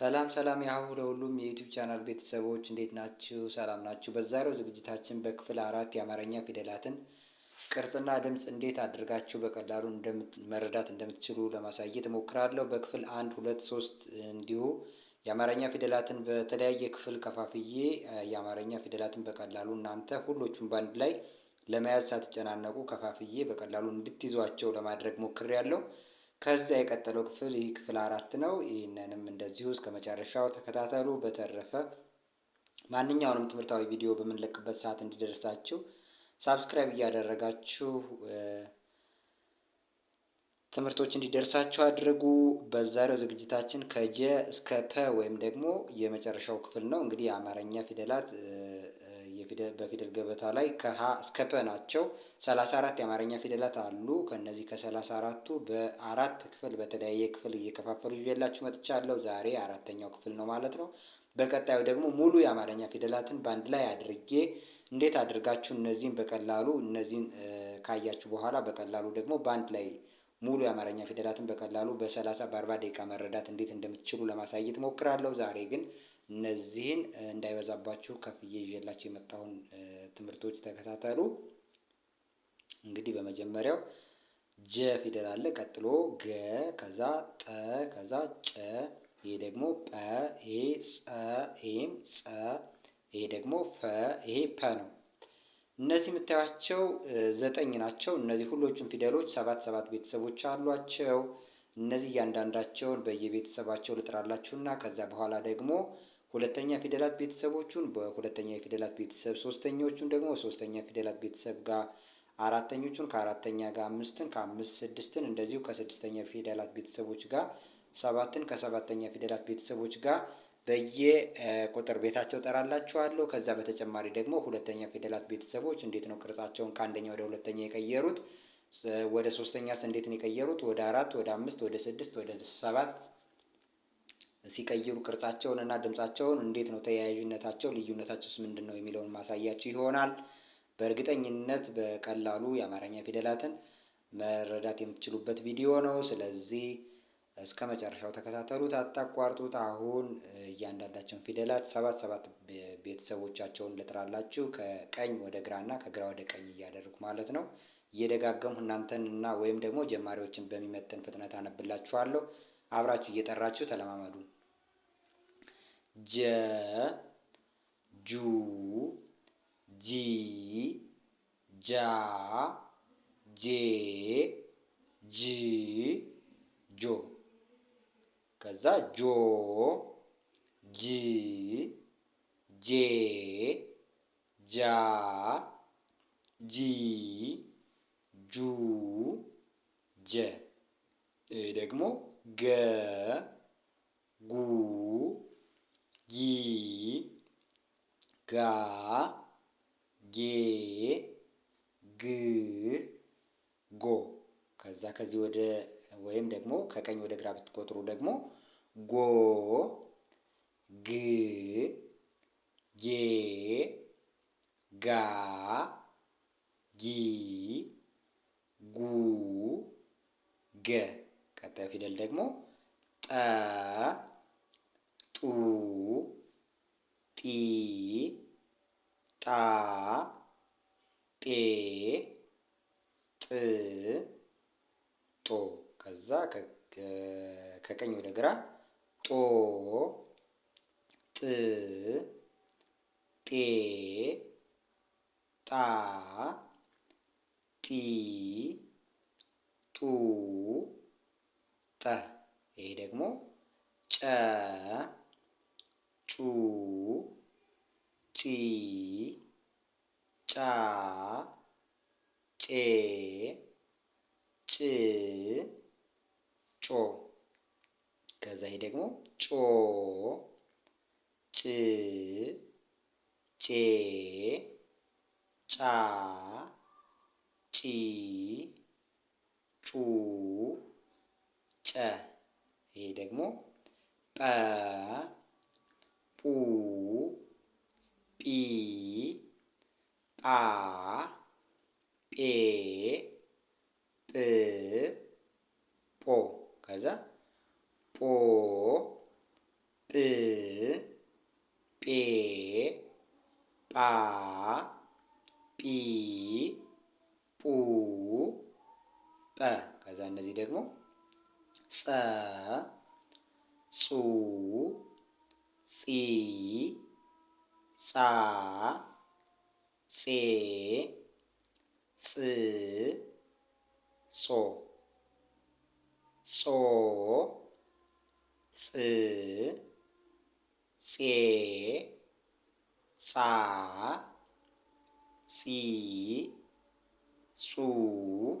ሰላም ሰላም ያሁ ለሁሉም የዩቲዩብ ቻናል ቤተሰቦች እንዴት ናችሁ? ሰላም ናችሁ? በዛሬው ዝግጅታችን በክፍል አራት የአማርኛ ፊደላትን ቅርጽና ድምፅ እንዴት አድርጋችሁ በቀላሉ መረዳት እንደምትችሉ ለማሳየት እሞክራለሁ። በክፍል አንድ፣ ሁለት፣ ሶስት እንዲሁ የአማርኛ ፊደላትን በተለያየ ክፍል ከፋፍዬ የአማርኛ ፊደላትን በቀላሉ እናንተ ሁሎቹም በአንድ ላይ ለመያዝ ሳትጨናነቁ ከፋፍዬ በቀላሉ እንድትይዟቸው ለማድረግ ሞክሬያለሁ። ከዛ የቀጠለው ክፍል ይህ ክፍል አራት ነው። ይህንንም እንደዚሁ እስከ መጨረሻው ተከታተሉ። በተረፈ ማንኛውንም ትምህርታዊ ቪዲዮ በምንለቅበት ሰዓት እንዲደርሳችሁ ሳብስክራይብ እያደረጋችሁ ትምህርቶች እንዲደርሳችሁ አድርጉ። በዛሬው ዝግጅታችን ከጀ እስከ ፐ ወይም ደግሞ የመጨረሻው ክፍል ነው። እንግዲህ የአማርኛ ፊደላት በፊደል ገበታ ላይ ከሀ እስከ ፐ ናቸው። 34 የአማርኛ ፊደላት አሉ። ከእነዚህ ከ34ቱ በአራት ክፍል በተለያየ ክፍል እየከፋፈሉ ይዤላችሁ መጥቻለሁ። ዛሬ አራተኛው ክፍል ነው ማለት ነው። በቀጣዩ ደግሞ ሙሉ የአማርኛ ፊደላትን በአንድ ላይ አድርጌ እንዴት አድርጋችሁ እነዚህን በቀላሉ እነዚህን ካያችሁ በኋላ በቀላሉ ደግሞ በአንድ ላይ ሙሉ የአማርኛ ፊደላትን በቀላሉ በሰላሳ በአርባ ደቂቃ መረዳት እንዴት እንደምትችሉ ለማሳየት ሞክራለሁ። ዛሬ ግን እነዚህን እንዳይበዛባችሁ ከፍዬ ይዤላችሁ የመጣሁን ትምህርቶች ተከታተሉ። እንግዲህ በመጀመሪያው ጀ ፊደል አለ፣ ቀጥሎ ገ፣ ከዛ ጠ፣ ከዛ ጨ፣ ይሄ ደግሞ ጰ፣ ይሄ ጸ፣ ይሄም ጸ፣ ይሄ ደግሞ ፈ፣ ይሄ ፐ ነው። እነዚህ የምታያቸው ዘጠኝ ናቸው። እነዚህ ሁሎቹም ፊደሎች ሰባት ሰባት ቤተሰቦች አሏቸው። እነዚህ እያንዳንዳቸውን በየቤተሰባቸው ልጥራላችሁና ከዚያ በኋላ ደግሞ ሁለተኛ ፊደላት ቤተሰቦቹን በሁለተኛ የፊደላት ቤተሰብ፣ ሶስተኛዎቹን ደግሞ ሶስተኛ ፊደላት ቤተሰብ ጋር፣ አራተኞቹን ከአራተኛ ጋር፣ አምስትን ከአምስት፣ ስድስትን እንደዚሁ ከስድስተኛ ፊደላት ቤተሰቦች ጋር፣ ሰባትን ከሰባተኛ ፊደላት ቤተሰቦች ጋር በየ ቁጥር ቤታቸው ጠራላችኋለሁ። ከዛ በተጨማሪ ደግሞ ሁለተኛ ፊደላት ቤተሰቦች እንዴት ነው ቅርጻቸውን ከአንደኛ ወደ ሁለተኛ የቀየሩት፣ ወደ ሶስተኛስ እንዴት ነው የቀየሩት፣ ወደ አራት፣ ወደ አምስት፣ ወደ ስድስት፣ ወደ ሰባት ሲቀይሩ ቅርጻቸውን እና ድምጻቸውን እንዴት ነው ተያያዥነታቸው፣ ልዩነታቸውስ ምንድን ነው የሚለውን ማሳያችሁ ይሆናል። በእርግጠኝነት በቀላሉ የአማርኛ ፊደላትን መረዳት የምትችሉበት ቪዲዮ ነው። ስለዚህ እስከ መጨረሻው ተከታተሉት፣ አታቋርጡት። አሁን እያንዳንዳቸውን ፊደላት ሰባት ሰባት ቤተሰቦቻቸውን ልጥራላችሁ ከቀኝ ወደ ግራና ከግራ ወደ ቀኝ እያደረጉ ማለት ነው። እየደጋገምሁ እናንተን እና ወይም ደግሞ ጀማሪዎችን በሚመጥን ፍጥነት አነብላችኋለሁ። አብራችሁ እየጠራችሁ ተለማመዱ። ጀ ጁ ጂ ጃ ጄ ጅ ጆ ከዛ ጆ ጅ ጄ ጃ ጂ ጁ ጀ ይህ ደግሞ ገ ጉ ጊ ጋ ጌ ግ ጎ ከዛ ከዚህ ወደ ወይም ደግሞ ከቀኝ ወደ ግራ ብትቆጥሩ ደግሞ ጎ ግ ጌ ጋ ጊ ጉ ገ ቀጣዩ ፊደል ደግሞ ጠ ጡ ጢ ጣ ጤ ጥ ጦ ከዛ ከቀኝ ወደ ግራ ጦ ጥ ጤ ጣ ጢ ጡ ጠ ይሄ ደግሞ ጨ ጩ ጪ ጫ ጬ ጭ ጮ ከዛ ይሄ ደግሞ ጮ ጭ ጬ ጫ ጪ ጩ ጨ ይሄ ደግሞ ጰ ጱ ጲ ጳ ጴ ጵ ጶ ከዛ ጶ ጵ ጴ ጳ ጲ ጱ ጰ ከዛ እነዚህ ደግሞ ጸ ጹ ጺ ጻ ጼ ፅ ጾ ጾ ፅ ፄ ጻ ጺ ጹ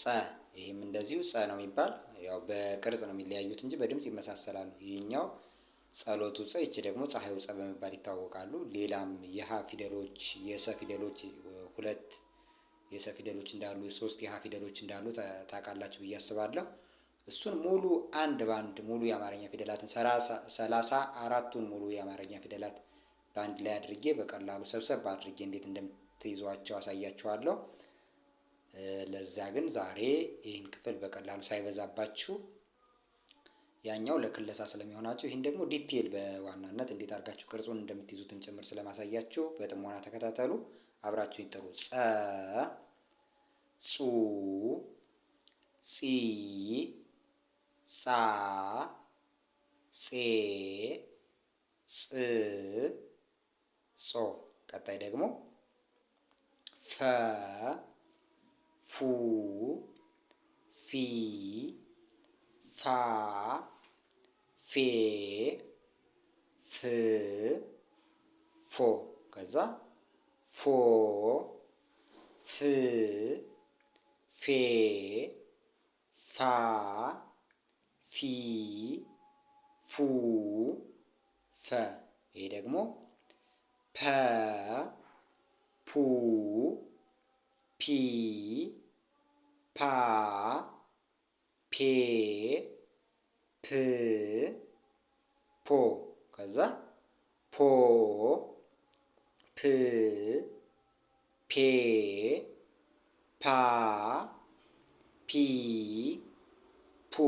ጸ ይህም እንደዚሁ ጸ ነው የሚባል ያው በቅርጽ ነው የሚለያዩት እንጂ በድምፅ ይመሳሰላሉ። ይህኛው ጸሎቱ ፀ ይቺ ደግሞ ፀሐዩ ፀ በመባል ይታወቃሉ። ሌላም የሀ ፊደሎች የሰ ፊደሎች ሁለት የሰ ፊደሎች እንዳሉ ሶስት የሀ ፊደሎች እንዳሉ ታውቃላችሁ ብዬ አስባለሁ። እሱን ሙሉ አንድ በአንድ ሙሉ የአማርኛ ፊደላትን ሰላሳ አራቱን ሙሉ የአማርኛ ፊደላት በአንድ ላይ አድርጌ በቀላሉ ሰብሰብ አድርጌ እንዴት እንደምትይዟቸው አሳያችኋለሁ። ለዛ ግን ዛሬ ይህን ክፍል በቀላሉ ሳይበዛባችሁ ያኛው ለክለሳ ስለሚሆናችሁ ይህን ደግሞ ዲቴል በዋናነት እንዴት አድርጋችሁ ቅርጹን እንደምትይዙትን ጭምር ስለማሳያችሁ በጥሞና ተከታተሉ። አብራችሁ ይጠሩ። ጸ ጹ ጺ ጻ ጼ ጽ፣ ጾ። ቀጣይ ደግሞ ፈ ፉ ፊ ፋ ፌ ፍ ፎ ከዛ ፎ ፍ ፌ ፋ ፊ ፉ ፈ ይሄ ደግሞ ፐ ፑ ፒ ፓ ፔ ፕ ፖ ከዛ ፖ ፕ ፔ ፓ ፒ ፑ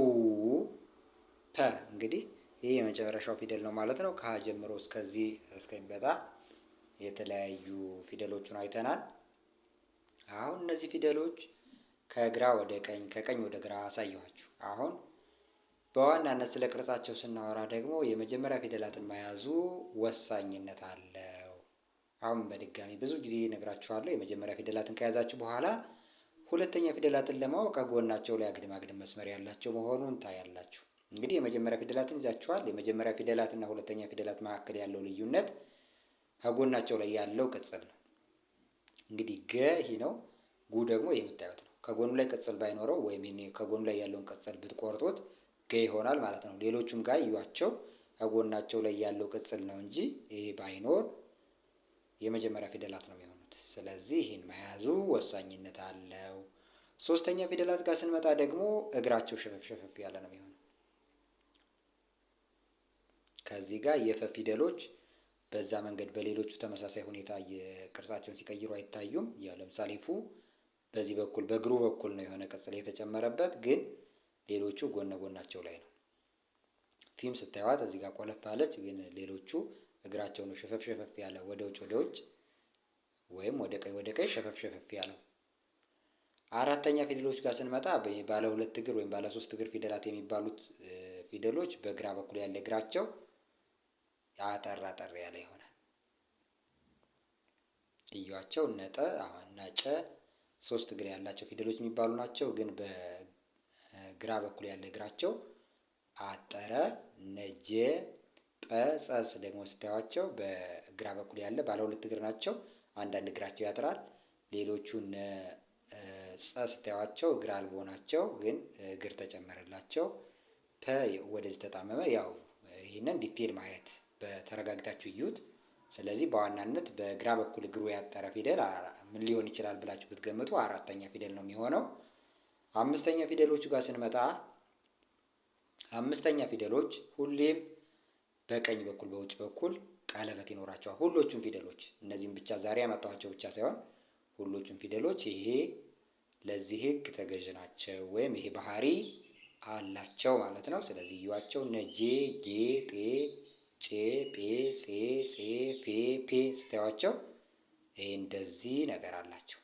ፐ እንግዲህ ይህ የመጨረሻው ፊደል ነው ማለት ነው። ከሀ ጀምሮ እስከዚህ እስከሚበጣ የተለያዩ ፊደሎቹን አይተናል። አሁን እነዚህ ፊደሎች ከግራ ወደ ቀኝ ከቀኝ ወደ ግራ አሳየኋችሁ። አሁን በዋናነት ስለ ቅርጻቸው ስናወራ ደግሞ የመጀመሪያ ፊደላትን መያዙ ወሳኝነት አለው። አሁን በድጋሚ ብዙ ጊዜ ነግራችኋለሁ። የመጀመሪያ ፊደላትን ከያዛችሁ በኋላ ሁለተኛ ፊደላትን ለማወቅ ጎናቸው ላይ አግድም አግድም መስመር ያላቸው መሆኑን ታያላችሁ። እንግዲህ የመጀመሪያ ፊደላትን ይዛችኋል። የመጀመሪያ ፊደላትና ሁለተኛ ፊደላት መካከል ያለው ልዩነት ከጎናቸው ላይ ያለው ቅጽል ነው። እንግዲህ ገ ይህ ነው፣ ጉ ደግሞ የምታዩት ነው። ከጎኑ ላይ ቅጽል ባይኖረው ወይም ከጎኑ ላይ ያለውን ቅጽል ብትቆርጡት ገ ይሆናል ማለት ነው። ሌሎቹም ጋር እዩዋቸው ከጎናቸው ላይ ያለው ቅጽል ነው እንጂ ይሄ ባይኖር የመጀመሪያ ፊደላት ነው የሚሆኑት። ስለዚህ ይህን መያዙ ወሳኝነት አለው። ሶስተኛ ፊደላት ጋር ስንመጣ ደግሞ እግራቸው ሸፈፍ ሸፈፍ ያለ ነው የሚሆነው። ከዚህ ጋር የፈ ፊደሎች በዛ መንገድ በሌሎቹ ተመሳሳይ ሁኔታ የቅርጻቸውን ሲቀይሩ አይታዩም። ያው ለምሳሌ ፉ በዚህ በኩል በእግሩ በኩል ነው የሆነ ቅጽል የተጨመረበት ግን ሌሎቹ ጎነ ጎናቸው ላይ ነው። ፊም ስታዩዋት እዚህ ጋር ቆለፍ አለች፣ ግን ሌሎቹ እግራቸው ነው ሸፈፍ ሸፈፍ ያለ ወደ ውጭ ወደ ውጭ ወይም ወደ ቀኝ ወደ ቀኝ ሸፈፍ ሸፈፍ ያለው። አራተኛ ፊደሎች ጋር ስንመጣ ባለ ሁለት እግር ወይም ባለ ሶስት እግር ፊደላት የሚባሉት ፊደሎች በግራ በኩል ያለ እግራቸው አጠር አጠር ያለ ይሆናል። እያቸው ነጠ ነጨ ሶስት እግር ያላቸው ፊደሎች የሚባሉ ናቸው። ግን ግራ በኩል ያለ እግራቸው አጠረ፣ ነጀ፣ ጰጸስ ደግሞ ስታዩቸው በግራ በኩል ያለ ባለ ሁለት እግር ናቸው። አንዳንድ እግራቸው ያጥራል። ሌሎቹ ነጸ ስታዩቸው እግር አልቦ ናቸው፣ ግን እግር ተጨመረላቸው። ፐ ወደዚህ ተጣመመ። ያው ይህንን ዲቴል ማየት በተረጋግታችሁ እዩት። ስለዚህ በዋናነት በግራ በኩል እግሩ ያጠረ ፊደል ምን ሊሆን ይችላል ብላችሁ ብትገምቱ አራተኛ ፊደል ነው የሚሆነው። አምስተኛ ፊደሎቹ ጋር ስንመጣ አምስተኛ ፊደሎች ሁሌም በቀኝ በኩል በውጭ በኩል ቀለበት ይኖራቸዋል። ሁሎቹም ፊደሎች እነዚህም ብቻ ዛሬ ያመጣኋቸው ብቻ ሳይሆን ሁሎቹም ፊደሎች ይሄ ለዚህ ህግ ተገዥ ናቸው ወይም ይሄ ባህሪ አላቸው ማለት ነው። ስለዚህ እዩዋቸው። ነጄ ጌ ጤ ጬ ጴ ጼ ጼ ፔ ፔ ስታዩዋቸው ይሄ እንደዚህ ነገር አላቸው።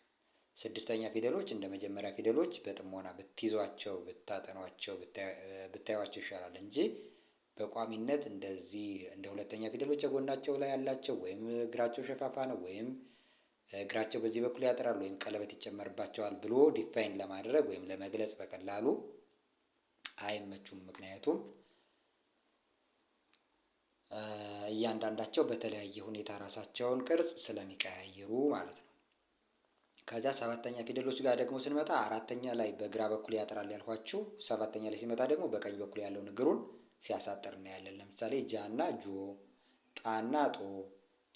ስድስተኛ ፊደሎች እንደ መጀመሪያ ፊደሎች በጥሞና ብትይዟቸው ብታጠኗቸው ብታዩቸው ይሻላል እንጂ በቋሚነት እንደዚህ እንደ ሁለተኛ ፊደሎች የጎናቸው ላይ ያላቸው ወይም እግራቸው ሸፋፋ ነው ወይም እግራቸው በዚህ በኩል ያጠራል ወይም ቀለበት ይጨመርባቸዋል ብሎ ዲፋይን ለማድረግ ወይም ለመግለጽ በቀላሉ አይመቹም። ምክንያቱም እያንዳንዳቸው በተለያየ ሁኔታ ራሳቸውን ቅርጽ ስለሚቀያየሩ ማለት ነው። ከዚያ ሰባተኛ ፊደሎች ጋር ደግሞ ስንመጣ አራተኛ ላይ በግራ በኩል ያጥራል ያልኋችሁ፣ ሰባተኛ ላይ ሲመጣ ደግሞ በቀኝ በኩል ያለውን እግሩን ሲያሳጥር እናያለን። ለምሳሌ ጃና ጆ፣ ጣና ጦ፣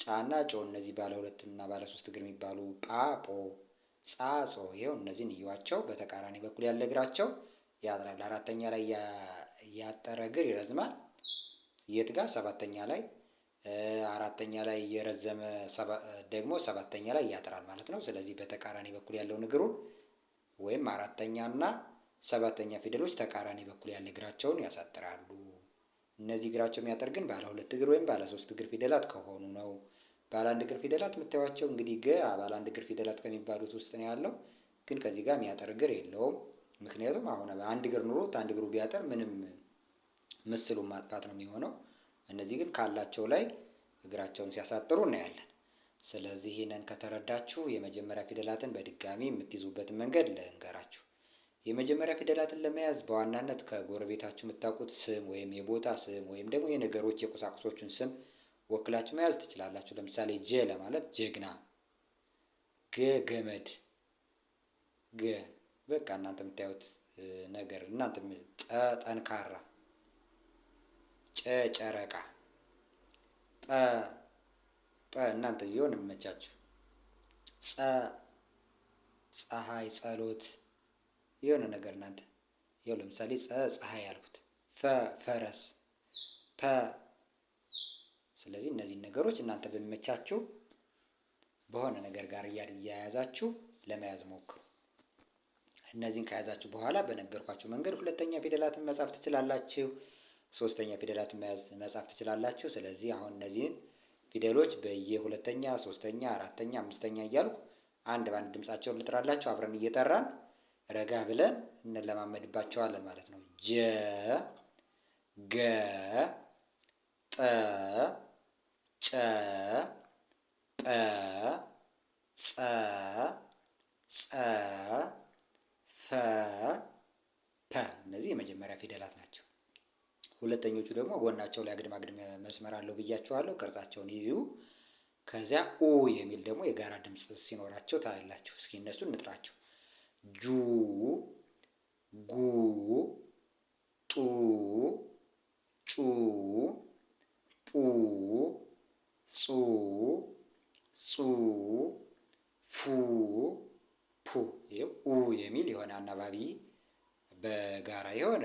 ጫና ጮ። እነዚህ ባለ ሁለት እና ባለ ሶስት እግር የሚባሉ ጳፖ፣ ጻጾ። ይኸው እነዚህን እዩዋቸው። በተቃራኒ በኩል ያለ እግራቸው ያጥራል። አራተኛ ላይ ያጠረ እግር ይረዝማል። የት ጋር? ሰባተኛ ላይ አራተኛ ላይ የረዘመ ደግሞ ሰባተኛ ላይ ያጥራል ማለት ነው። ስለዚህ በተቃራኒ በኩል ያለው እግሩን ወይም አራተኛ እና ሰባተኛ ፊደሎች ተቃራኒ በኩል ያለ እግራቸውን ያሳጥራሉ። እነዚህ እግራቸው የሚያጠር ግን ባለ ሁለት እግር ወይም ባለ ሶስት እግር ፊደላት ከሆኑ ነው። ባለ አንድ እግር ፊደላት የምታዩቸው እንግዲህ ገ ባለ አንድ እግር ፊደላት ከሚባሉት ውስጥ ነው ያለው። ግን ከዚህ ጋር የሚያጠር እግር የለውም። ምክንያቱም አሁን አንድ እግር ኑሮት አንድ እግሩ ቢያጠር ምንም ምስሉን ማጥፋት ነው የሚሆነው። እነዚህ ግን ካላቸው ላይ እግራቸውን ሲያሳጥሩ እናያለን። ስለዚህ ይህንን ከተረዳችሁ የመጀመሪያ ፊደላትን በድጋሚ የምትይዙበትን መንገድ ልንገራችሁ። የመጀመሪያ ፊደላትን ለመያዝ በዋናነት ከጎረቤታችሁ የምታውቁት ስም ወይም የቦታ ስም ወይም ደግሞ የነገሮች የቁሳቁሶቹን ስም ወክላችሁ መያዝ ትችላላችሁ። ለምሳሌ ጀ ለማለት ጀግና፣ ገ ገመድ፣ ገ በቃ እናንተ የምታዩት ነገር እናንተ ጠንካራ ጨጨረቃ ጠ ጠ እናንተ የሆነ የሚመቻችሁ ጸ ፀሐይ ጸሎት የሆነ ነገር እናንተ ይኸው ለምሳሌ ጸ ፀሐይ ያልኩት ፈ ፈረስ ፐ ስለዚህ እነዚህ ነገሮች እናንተ በሚመቻችሁ በሆነ ነገር ጋር እያያዛችሁ ለመያዝ ሞክሩ። እነዚህን ከያዛችሁ በኋላ በነገርኳችሁ መንገድ ሁለተኛ ፊደላትን መጻፍ ትችላላችሁ። ሶስተኛ ፊደላትን መያዝ መጻፍ ትችላላችሁ። ስለዚህ አሁን እነዚህን ፊደሎች በየሁለተኛ ሶስተኛ፣ አራተኛ፣ አምስተኛ እያልኩ አንድ በአንድ ድምጻቸውን ልጥራላችሁ። አብረን እየጠራን ረጋ ብለን እንለማመድባቸዋለን ማለት ነው። ጀ ገ ጠ ጨ ጰ ጸ ጸ ፈ ፐ እነዚህ የመጀመሪያ ፊደላት ናቸው። ሁለተኞቹ ደግሞ ጎናቸው ላይ አግድም አግድም መስመር አለው ብያችኋለሁ። ቅርጻቸውን ይዩ። ከዚያ ኡ የሚል ደግሞ የጋራ ድምፅ ሲኖራቸው ታያላችሁ። እስኪ እነሱን እንጥራቸው። ጁ፣ ጉ፣ ጡ፣ ጩ፣ ጡ፣ ጹ፣ ጹ፣ ፉ፣ ፑ። ይኸው ኡ የሚል የሆነ አናባቢ በጋራ የሆነ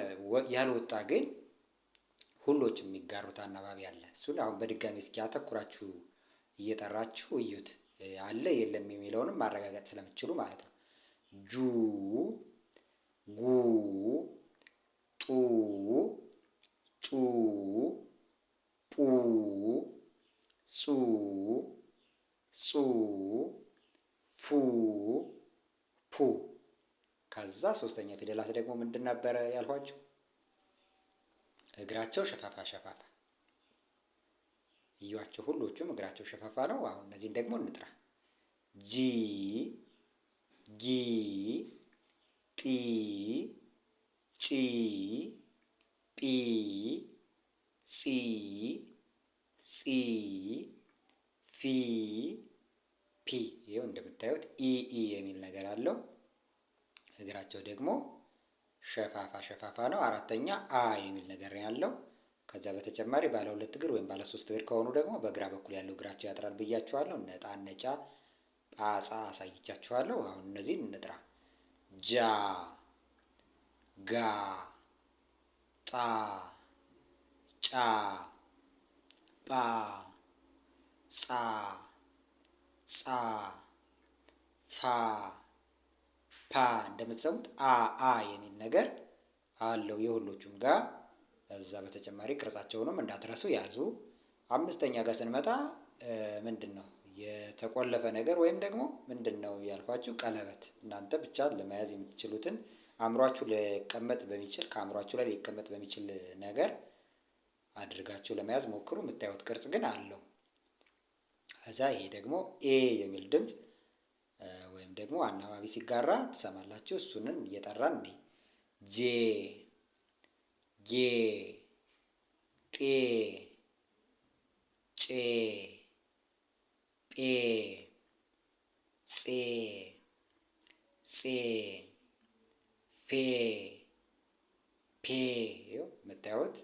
ያልወጣ ግን ሁሎች የሚጋሩት አናባቢ አለ። እሱን አሁን በድጋሚ እስኪ አተኩራችሁ እየጠራችሁ እዩት አለ የለም የሚለውንም ማረጋገጥ ስለምችሉ ማለት ነው። ጁ ጉ ጡ ጩ ጡ ጹ ጹ ፉ ፑ ከዛ ሶስተኛ ፊደላት ደግሞ ምንድን ነበረ ያልኋቸው? እግራቸው ሸፋፋ ሸፋፋ እዩዋቸው። ሁሎቹም እግራቸው ሸፋፋ ነው። አሁን እነዚህን ደግሞ እንጥራ። ጂ ጊ ጢ ጪ ጲ ጺ ጺ ፊ ፒ። ይኸው እንደምታዩት ኢ ኢ የሚል ነገር አለው። እግራቸው ደግሞ ሸፋፋ ሸፋፋ ነው። አራተኛ አ የሚል ነገር ያለው ከዛ በተጨማሪ ባለ ሁለት እግር ወይም ባለ ሶስት እግር ከሆኑ ደግሞ በግራ በኩል ያለው እግራቸው ያጥራል ብያችኋለሁ። ነጣ፣ ነጫ፣ ጳጻ አሳይቻችኋለሁ። አሁን እነዚህን እንጥራ። ጃ፣ ጋ፣ ጣ፣ ጫ፣ ጳ፣ ጻ፣ ጻ፣ ፋ ፓ እንደምትሰሙት አ አ የሚል ነገር አለው የሁሎቹም ጋር። እዛ በተጨማሪ ቅርጻቸውንም እንዳትረሱ ያዙ። አምስተኛ ጋር ስንመጣ ምንድን ነው የተቆለፈ ነገር ወይም ደግሞ ምንድን ነው ያልኳችሁ ቀለበት። እናንተ ብቻ ለመያዝ የምትችሉትን አእምሯችሁ ሊቀመጥ በሚችል ከአእምሯችሁ ላይ ሊቀመጥ በሚችል ነገር አድርጋችሁ ለመያዝ ሞክሩ። የምታዩት ቅርጽ ግን አለው። እዛ ይሄ ደግሞ ኤ የሚል ድምፅ ወይም ደግሞ አናባቢ ሲጋራ ትሰማላችሁ። እሱንን እየጠራን እኔ ጄ ጌ ጤ ጬ ጴ ጼ ጼ ፔ ፔ የምታዩት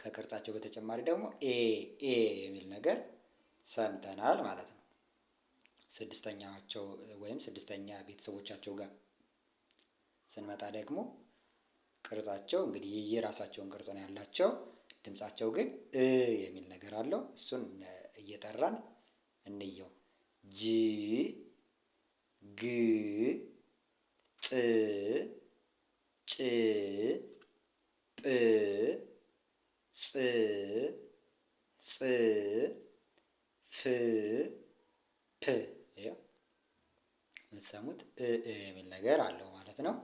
ከቅርጻቸው በተጨማሪ ደግሞ ኤ ኤ የሚል ነገር ሰምተናል ማለት ነው። ስድስተኛቸው ወይም ስድስተኛ ቤተሰቦቻቸው ጋር ስንመጣ ደግሞ ቅርጻቸው እንግዲህ የየራሳቸውን ቅርጽ ነው ያላቸው። ድምጻቸው ግን እ የሚል ነገር አለው። እሱን እየጠራን እንየው። ጅ ግ ጥ ጭ ጵ ጽ ጽ ፍ ፕ የምትሰሙት እ የሚል ነገር አለው ማለት ነው።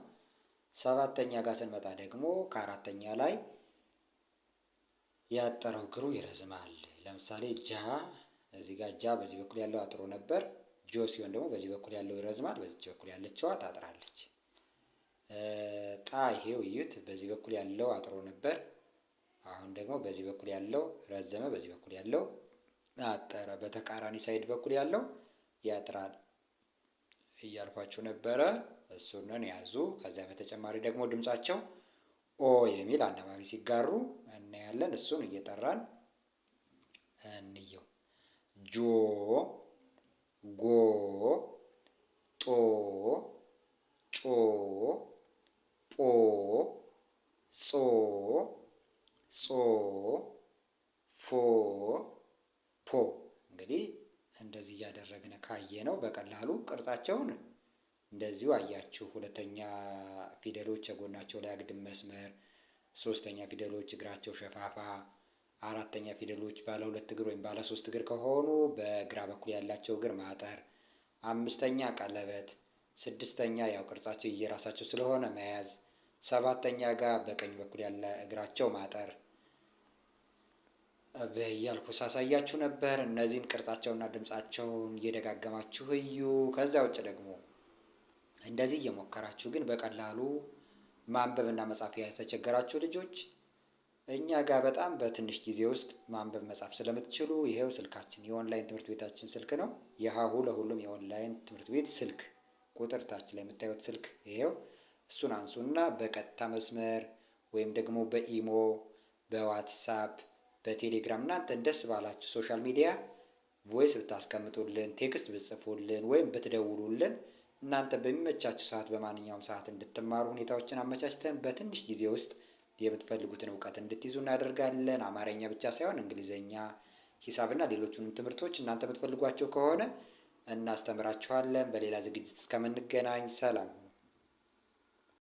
ሰባተኛ ጋር ስንመጣ ደግሞ ከአራተኛ ላይ ያጠረው እግሩ ይረዝማል። ለምሳሌ ጃ እዚህ ጋር ጃ በዚህ በኩል ያለው አጥሮ ነበር። ጆ ሲሆን ደግሞ በዚህ በኩል ያለው ይረዝማል፣ በዚህ በኩል ያለችዋ ታጥራለች። ጣ ይሄው እዩት። በዚህ በኩል ያለው አጥሮ ነበር። አሁን ደግሞ በዚህ በኩል ያለው ረዘመ፣ በዚህ በኩል ያለው አጠረ። በተቃራኒ ሳይድ በኩል ያለው ያጥራል እያልኳችሁ ነበረ። እሱንን ያዙ። ከዚያ በተጨማሪ ደግሞ ድምጻቸው ኦ የሚል አነባቢ ሲጋሩ እናያለን። እሱን እየጠራን እንየው። ጆ፣ ጎ፣ ጦ፣ ጮ፣ ጶ፣ ጾ፣ ጾ፣ ፎ፣ ፖ እንግዲህ እንደዚህ እያደረግን ካየ ነው በቀላሉ ቅርጻቸውን እንደዚሁ አያችሁ። ሁለተኛ ፊደሎች የጎናቸው ላይ አግድም መስመር፣ ሶስተኛ ፊደሎች እግራቸው ሸፋፋ፣ አራተኛ ፊደሎች ባለ ሁለት እግር ወይም ባለ ሶስት እግር ከሆኑ በግራ በኩል ያላቸው እግር ማጠር፣ አምስተኛ ቀለበት፣ ስድስተኛ ያው ቅርጻቸው እየራሳቸው ስለሆነ መያዝ፣ ሰባተኛ ጋር በቀኝ በኩል ያለ እግራቸው ማጠር በያልኩ እያልኩ ሳሳያችሁ ነበር። እነዚህን ቅርጻቸውና ድምፃቸውን እየደጋገማችሁ እዩ። ከዚያ ውጭ ደግሞ እንደዚህ እየሞከራችሁ ግን በቀላሉ ማንበብና መጻፍ የተቸገራችሁ ልጆች እኛ ጋር በጣም በትንሽ ጊዜ ውስጥ ማንበብ መጻፍ ስለምትችሉ ይሄው ስልካችን የኦንላይን ትምህርት ቤታችን ስልክ ነው። የሀሁ ለሁሉም የኦንላይን ትምህርት ቤት ስልክ ቁጥር ታች ላይ የምታዩት ስልክ ይሄው እሱን አንሱና በቀጥታ መስመር ወይም ደግሞ በኢሞ በዋትሳፕ በቴሌግራም እናንተን ደስ ባላችሁ ሶሻል ሚዲያ ቮይስ ብታስቀምጡልን፣ ቴክስት ብትጽፉልን ወይም ብትደውሉልን እናንተ በሚመቻችሁ ሰዓት በማንኛውም ሰዓት እንድትማሩ ሁኔታዎችን አመቻችተን በትንሽ ጊዜ ውስጥ የምትፈልጉትን እውቀት እንድትይዙ እናደርጋለን። አማርኛ ብቻ ሳይሆን እንግሊዝኛ፣ ሂሳብና ሌሎቹንም ትምህርቶች እናንተ የምትፈልጓቸው ከሆነ እናስተምራችኋለን። በሌላ ዝግጅት እስከምንገናኝ ሰላም።